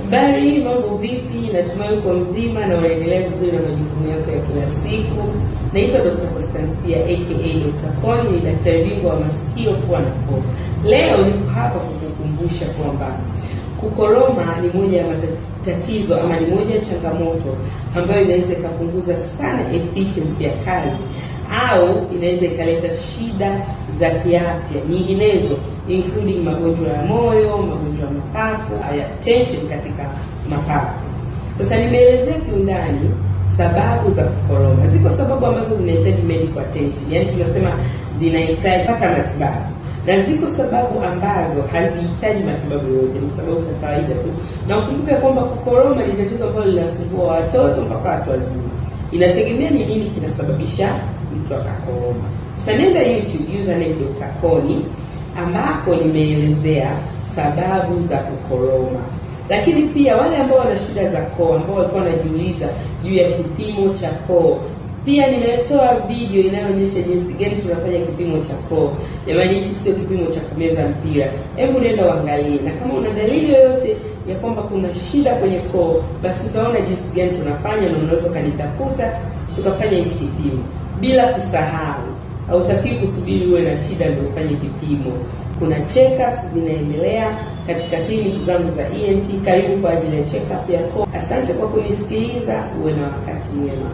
Habari, mambo vipi? Natumai uko mzima na unaendelea vizuri na majukumu yako ya kila siku. Naitwa Dr. Constancia aka Dr. Kony, ni daktari bingwa wa masikio, pua na koo. Leo niko hapa kukukumbusha kwamba kukoroma ni moja ya matatizo ama ni moja ya changamoto ambayo inaweza ikapunguza sana efficiency ya kazi au inaweza ikaleta shida za kiafya nyinginezo including magonjwa ya moyo, magonjwa ya mapafu, ya tension katika mapafu. Sasa nimeelezea kiundani sababu za kukoroma. Ziko sababu ambazo zinahitaji medical attention, yaani tunasema zinahitaji pata matibabu, na ziko sababu ambazo hazihitaji matibabu yoyote, ni sababu za kawaida tu, na ukumbuke kwamba kukoroma ni tatizo ambalo linasumbua watoto mpaka watu wazima. Inategemea ni nini kinasababisha mtu akakoroma. Sasa nenda YouTube username Dr. Koni ambako nimeelezea sababu za kukoroma, lakini pia wale ambao wana shida za koo, ambao walikuwa wanajiuliza juu ya kipimo cha koo pia nimetoa video inayoonyesha jinsi gani tunafanya kipimo cha koo. Jamani, hichi sio kipimo cha kumeza mpira. Hebu nenda uangalie, na kama una dalili yoyote ya kwamba kuna shida kwenye koo, basi utaona jinsi gani tunafanya na unaweza ukanitafuta tukafanya hichi kipimo. Bila kusahau, hautakiwi kusubiri uwe na shida ndio ufanye kipimo. Kuna checkups zinaendelea katika kliniki zangu za ENT. Karibu kwa ajili ya checkup koo. Asante kwa kunisikiliza, uwe na wakati mwema.